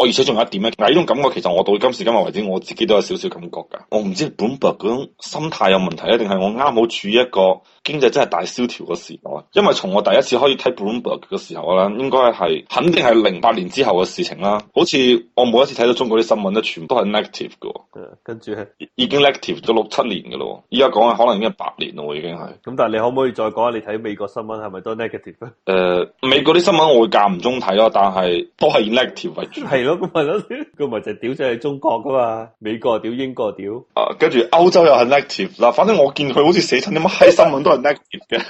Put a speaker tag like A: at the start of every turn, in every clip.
A: 哦，而且仲有一點咧，嗱，呢種感覺其實我到今時今日為止，我自己都有少少感覺噶。我唔知 Bloomberg 嗰種心態有問題咧，定係我啱好處於一個經濟真係大蕭條嘅時代。因為從我第一次開始睇 Bloomberg 嘅時候咧，應該係肯定係零八年之後嘅事情啦。好似我每一次睇到中國啲新聞咧，全部都係 negative 嘅。誒，
B: 跟住已
A: 經 negative 咗六七年嘅咯，依家講嘅可能已經係八
B: 年咯，已經係。咁但係你可唔可以再講下你睇美國新聞係咪都 negative 咧？誒、
A: 呃，美國啲新聞我會間唔中睇咯，但係都係
B: negative 為主。係 佢咪 就屌即係中國噶嘛？美國屌，英國屌，
A: 啊跟住歐洲又係 negative 嗱，反正我見佢好似寫親啲乜閪新聞都係 negative 嘅。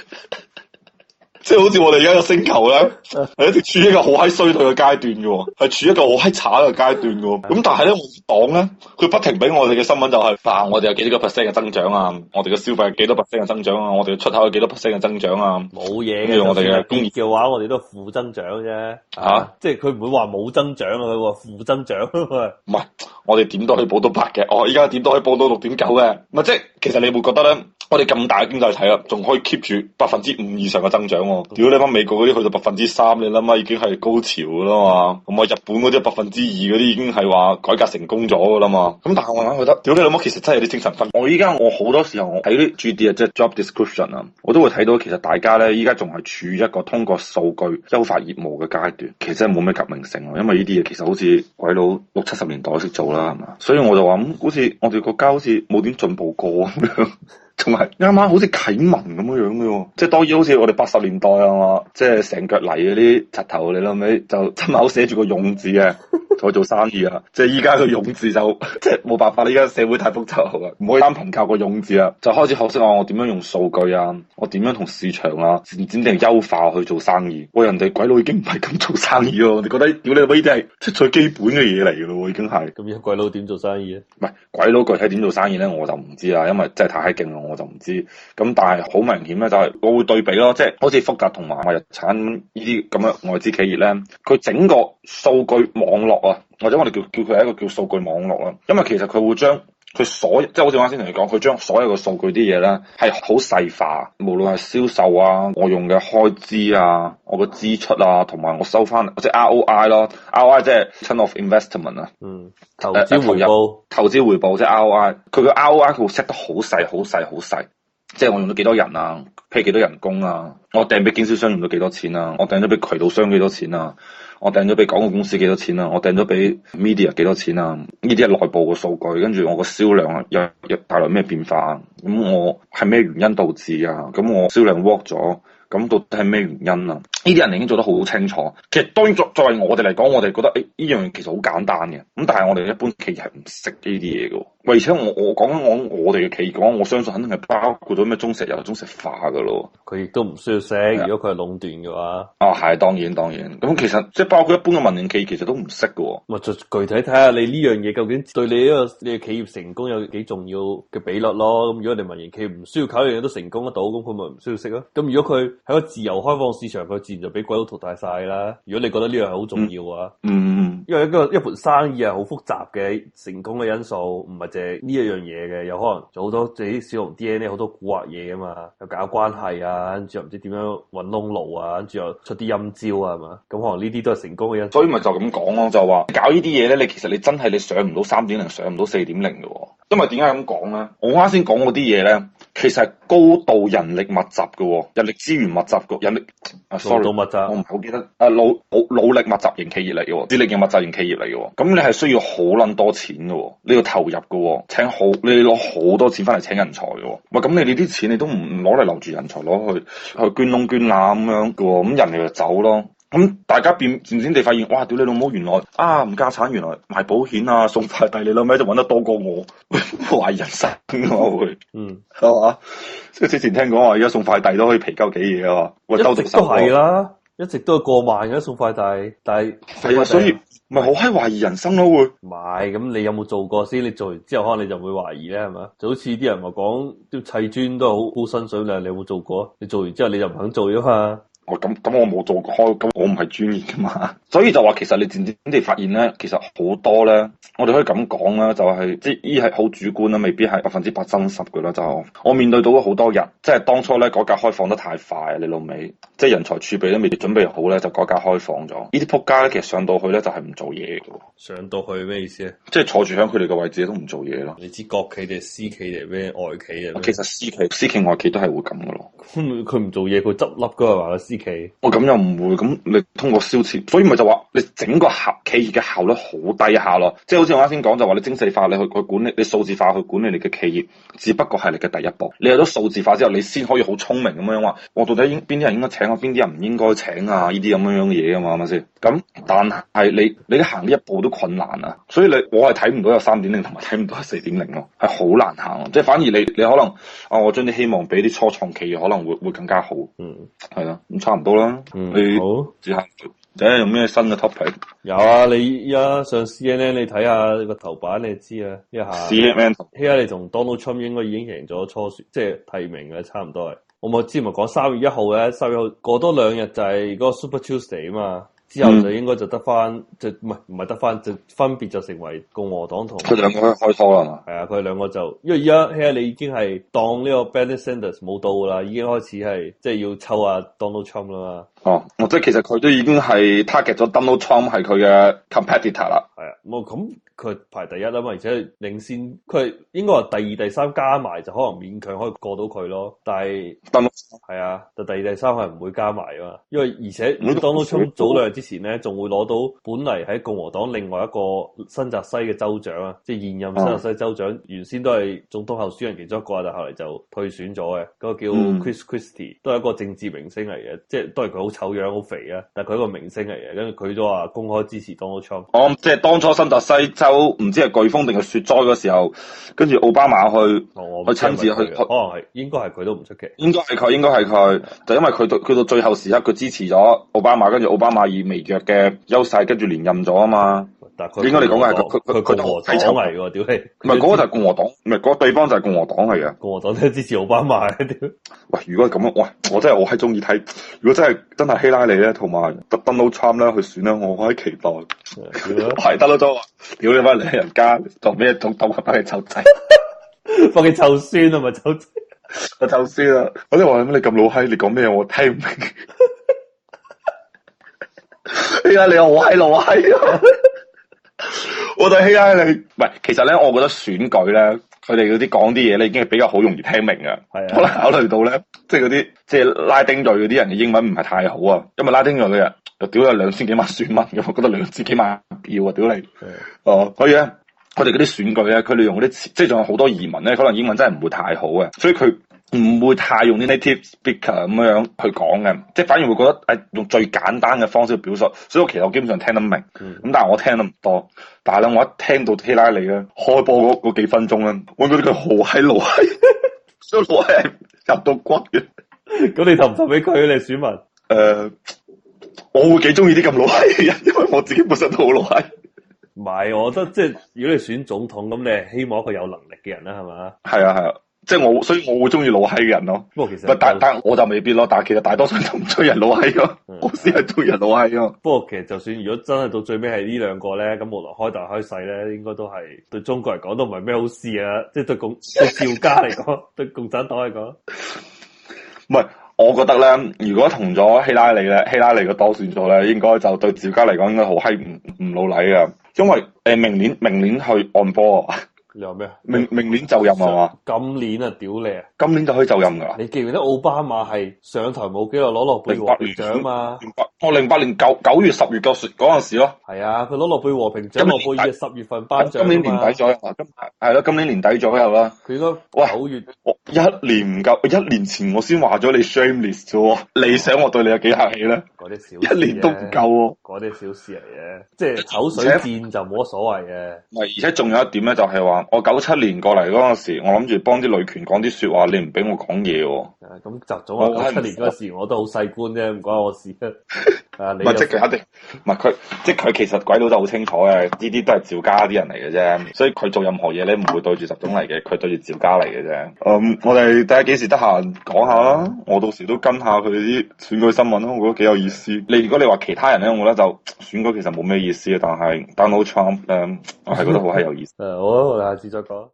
A: 即係好似我哋而家個星球咧，係 一直處於一個好閪衰退嘅階段嘅，係處於一個好閪慘嘅階段嘅。咁 但係咧，我黨咧，佢不停俾我哋嘅新聞就係、話，嗱，我哋有幾多個 percent 嘅增長啊，我哋嘅消費有幾多 percent 嘅增長啊，我哋嘅出口有幾多 percent 嘅增長啊，
B: 冇嘢。跟住我哋嘅工業嘅話，我哋都負增長啫。吓，即係佢唔會話冇增長啊，佢負增長。唔 係，
A: 我哋點都可以保到八嘅，我依家點都可以保到六點九嘅。咪即係，其實你會覺得咧？我哋咁大嘅經濟體啊，仲可以 keep 住百分之五以上嘅增長喎、哦！如果你返美國嗰啲去到百分之三，你諗下已經係高潮啦嘛！咁啊、嗯，日本嗰啲百分之二嗰啲已經係話改革成功咗噶啦嘛！咁但係我諗覺得，屌你老母其實真係有啲精神分，我依家我好多時候睇啲 JD 啊，即係 job description 啊，我都會睇到其實大家咧依家仲係處於一個通過數據優化業務嘅階段，其實真係冇咩革命性咯，因為呢啲嘢其實好似鬼佬六七十年代都識做啦，係嘛？所以我就話咁、嗯，好似我哋國家好似冇點進步過咁樣。 同埋啱啱好似啟蒙咁樣樣嘅喎，即係當然好似我哋八十年代啊嘛，即係成腳泥嗰啲石頭你咯，咪就親口寫住個勇字嘅。 再做生意啊，即係依家個勇字就即係冇辦法。依家社會太複雜啊，唔可以單憑靠個勇字啊。就開始學識我點樣用數據啊，我點樣同市場啊，漸漸地優化去做生意。我、哦、人哋鬼佬已經唔係咁做生意咯，我哋覺得，屌你閪啲係即最基本嘅嘢嚟嘅咯，已經係咁。而鬼佬點做生意啊？唔係鬼佬具體點做生意咧？我就唔知啦，因為真係太勁啦，我就唔知。咁但係好明顯咧，就係我會對比咯，即係好似福格同埋華日產呢啲咁嘅外資企業咧，佢整個數據網絡、啊或者我哋叫叫佢係一個叫數據網絡啦，因為其實佢會將佢所即係好似啱先同你講，佢將所有嘅數據啲嘢咧係好細化，無論係銷售啊、我用嘅開支啊、我嘅支出啊，同埋我收翻嚟即係、就是、ROI 咯，ROI 即係 turn off investment 啊、嗯，投資回報，呃、投，投資回報即係、就是、ROI，佢嘅 ROI 佢會 set 得好細、好細、好細，細，即係我用咗幾多人啊，譬如幾多人工啊，我掟俾經銷商用咗幾多錢啊，我掟咗俾渠道商幾多錢啊。我訂咗畀廣告公司幾多錢啦、啊？我訂咗畀 media 幾多錢啦、啊？呢啲係內部嘅數據，跟住我個銷量啊，又又帶來咩變化啊？咁我係咩原因導致啊？咁我銷量 work 咗。咁到底係咩原因啊？呢啲人已經做得好清楚。其實當然作為我哋嚟講，我哋覺得誒呢樣其實好簡單嘅。咁但係我哋一般企業係唔識呢啲嘢嘅。喂，而且我我講緊我我哋嘅企業講，我相信肯定係包括咗咩中石油、中石化嘅咯。佢亦都唔
B: 需要識。的如果佢係壟斷嘅話，啊係當然當然。咁其實即係包括一般嘅民營企業其實都唔識嘅。咪就具體睇下你呢樣嘢究竟對你呢個你嘅企業成功有幾重要嘅比率咯？咁如果你哋民營企業唔需要考呢樣嘢都成功得到，咁佢咪唔需要識咯？咁如果佢喺個自由開放市場，佢自然就俾鬼佬淘汰晒啦。如果你覺得呢樣係好重要啊，嗯嗯嗯、因為一個一盤生意係好複雜嘅，成功嘅因素唔係淨係呢一樣嘢嘅，有可能就好多啲小龍 DNA 好多蠱惑嘢啊嘛，又搞關係啊，跟住又唔知點樣搵窿路啊，跟住又出啲陰招啊，係嘛？咁可能呢啲都係成功嘅因素。所以咪就咁
A: 講咯，就話搞呢啲嘢咧，你其實你真係你上唔到三點零，上唔到四點零
B: 嘅，因為點解咁
A: 講咧？我啱先講嗰啲嘢咧。其實係高度人力密集嘅喎，人力資源密集嘅，人力啊，sorry，集，我唔係好記得，啊，腦腦力密集型企業嚟嘅喎，智力型密集型企業嚟嘅喎，咁你係需要好撚多錢嘅喎，你要投入嘅喎，請好，你攞好多錢翻嚟請人才嘅喎，喂，咁你哋啲錢你都唔攞嚟留住人才，攞去去捐窿捐罅咁樣嘅喎，咁人哋就走咯。咁大家變漸漸地發現，哇！屌你老母，原來啊，唔家產，原來賣保險啊，送快遞，你老味就揾得多過我，懷疑人生，我會，嗯，好啊！即係之前聽講話，而家送快遞都可以皮鳩幾嘢
B: 啊嘛，一直都係啦，一直都係過萬嘅送快遞，但係係啊，所以唔係好閪懷疑人生咯，會，唔係咁？你有冇做過先？你做完之後可能你就會懷疑咧，係咪？就好似啲人話講砌磚都係好高薪水量，你有冇做過？你做完之後你就唔肯做啊嘛？哦、我咁咁我冇做開，咁我唔係專業噶嘛， 所以就話其實你漸漸
A: 地發現咧，其實好多咧，我哋可以咁講啦，就係即係依係好主觀啦，未必係百分之百真實噶啦，就我面對到好多日。即係當初咧，改革開放得太快，你老味，即係人才儲備都未準備好咧，就改革開放咗。呢啲仆街咧，其實上到去咧就係
B: 唔做嘢嘅。上到去咩意思咧？即係坐住喺佢哋嘅位置都唔做嘢咯。你知國企定私企定咩外企啊？其實私企、
A: 私企、外企都係會咁嘅咯。佢唔做嘢，佢執笠嗰係嘛？私企？哦，咁又唔會咁，你通過燒錢，所以咪就話你整個效企業嘅效率好低下咯。即係好似我啱先講，就話你精細化，你去去管理，你數字化去管理你嘅企業，只不過係你嘅第一步。你有咗數字化之後。你先可以好聰明咁樣話，我、哦、到底應邊啲人應該請啊，邊啲人唔應該請啊？呢啲咁樣樣嘢啊嘛，係咪先？咁但係你你行呢一步都困難啊，所以你我係睇唔到有三點零同埋睇唔到有四點零咯，係好難行咯。即係反而你你可能啊、哦，我將啲希望俾啲初創企業可能會會更加好。嗯，係啊，咁差唔多啦。嗯、你。好，只行。睇下用咩新嘅 topic？有啊，
B: 你依家上 CNN，你睇下個頭版，你知啊。一下 CNN，希拉里同、 hey, Donald Trump 應該已經贏咗初選，即係提名嘅差唔多。我冇知咪講三月一號咧，三月一號過多兩日就係嗰個 Super Tuesday 啊嘛，之後就應該就得翻，嗯、就唔係唔係得翻，就分別就成為共和黨同。佢兩個開開拖啦，係啊，佢哋兩個就，因為依家希拉里已經係當呢個 Bernie Sanders 冇到啦，已經開始係即係要抽下 Donald Trump 啦嘛。
A: 哦，即係其實佢都已經係 target 咗 Donald Trump 係佢嘅
B: competitor 啦。係啊，咁佢排第一啦嘛，而且領先佢應該話第二、第三加埋就可能勉強可以過到佢咯。但係 Donald 係啊，就第二、第三係唔會加埋啊嘛。因為而且 Donald Trump 早兩日之前咧，仲會攞到本嚟喺共和黨另外一個新澤西嘅州長啊，即係現任新澤西州長，嗯、原先都係總統候選人其中一個，但係後嚟就退選咗嘅。嗰、嗰個叫 Chris Christie、嗯、都係一個政治明星嚟嘅，即係都係佢好。醜樣好肥啊！但係佢一個明星嚟嘅，跟住佢都話公開支持當初，
A: 我即係當初新澤西州唔知係颶風定係雪災嘅時候，跟住奧巴馬去
B: 去親自去，是是去可能係應該係佢都唔出奇，應該係佢，應該係
A: 佢，的就因為佢到佢到最後時刻，佢支持咗奧巴馬，跟住奧巴馬以微弱嘅優勢跟住連任咗啊嘛。
B: 應該嚟講係共共共和黨嚟嘅，屌你！唔係嗰個就係共和
A: 黨，唔係嗰地方就係共和黨嚟嘅。共和黨都支持奧巴馬，屌！喂，如果咁啊，喂，我真係我喺中意睇，如果真係真係希拉里咧，同埋 Donald Trump 咧去選咧，我可以期待。係得咯，走！屌 你媽，嚟係人家當咩？仲斗下班嘅臭仔，放你臭孫啊！咪 臭仔，臭我臭孫啊！我真係話你咩？你咁老閪，你講咩？我聽唔明。哎 呀，你又老閪老閪啊！我對希拉里，唔係，其實咧，我覺得選舉咧，佢哋嗰啲講啲嘢咧，已經係比較好容易聽明嘅。可的能考慮到咧，即係嗰啲即係拉丁裔嗰啲人嘅英文唔係太好啊。因為拉丁裔嗰啲人又屌有兩千幾萬選民嘅，我覺得兩千幾萬票啊屌你！的哦，所以咧，佢哋嗰啲選舉咧，佢利用嗰啲，即係仲有好多移民咧，可能英文真係唔會太好啊，所以佢。唔會太用 native speaker 咁樣樣去講嘅，即係反而會覺得誒用最簡單嘅方式去表述，所以我其實我基本上聽得明，咁但係我聽得唔多。但係咧，我一聽到希拉里咧，開播嗰嗰幾分鐘咧，我覺得佢好閪老所以老閪入到骨。嘅。咁你投唔投俾佢你選民？誒，我會幾中意啲咁老閪嘅人，因為我自己本身都好老
B: 閪。唔係，我覺得即係如果你選總統咁，你係希望一個有能力嘅人啦，係嘛？
A: 係啊，係啊。即係我，所以我會中意老閪嘅人咯。不過其實唔但但我就未必咯。但其實大多
B: 數都唔追人老閪咯，嗯、我先係追人老閪咯。不過其實就算如果真係到最尾係呢兩個咧，咁無論開大開細咧，應該都係對中國嚟講都唔係咩好事啊！即係對共對趙家嚟講， 對共產黨嚟講，唔係。我覺得咧，
A: 如果同咗希拉里咧，希拉里嘅多選咗咧，應該就對趙家嚟講應該好閪唔唔老禮啊！因為誒、呃，明年明年去按波
B: 你話咩啊？明
A: 明年就任係嘛？
B: 今年啊，屌你啊！今年就可以就任噶？你記唔記得奧巴馬係上台冇幾耐攞諾貝爾和平獎啊？零八年，年，我零八年九九月十月嗰時嗰陣時咯。係啊，佢攞諾貝和平獎。諾貝爾十月份頒獎，今年年底咗右，
A: 係咯、啊，今年年底咗右啦。佢都喂九月，我一年唔夠，一年前我先話咗你 shameless 啫，你想我對你有幾客氣咧？
B: 啲小、啊、一年都唔夠、啊。嗰啲小事嚟嘅，即係口水戰就冇乜所謂
A: 嘅。係，而且仲有一點咧，就係話。我九七年過嚟嗰陣時，我諗住幫啲女權講啲說話，你唔俾我講嘢、啊。咁習、嗯、總話九七
B: 年
A: 嗰時，
B: 我都好細觀啫，唔關我事。唔係 也即佢一定，
A: 唔係佢即佢其實鬼佬就好清楚嘅，呢啲都係趙家啲人嚟嘅啫。所以佢做任何嘢咧，唔會對住習總嚟嘅，佢對住趙家嚟嘅啫。我哋睇下幾時得閒講下啦。嗯、我到時都跟下佢啲選舉新聞咯，我覺得幾有、嗯、有意思。你如果你話其他人咧，我覺得就選舉其實冇咩意思啊。但係 Donald Trump 誒，我係覺得好閪有意
B: 思。誒，還是在搞。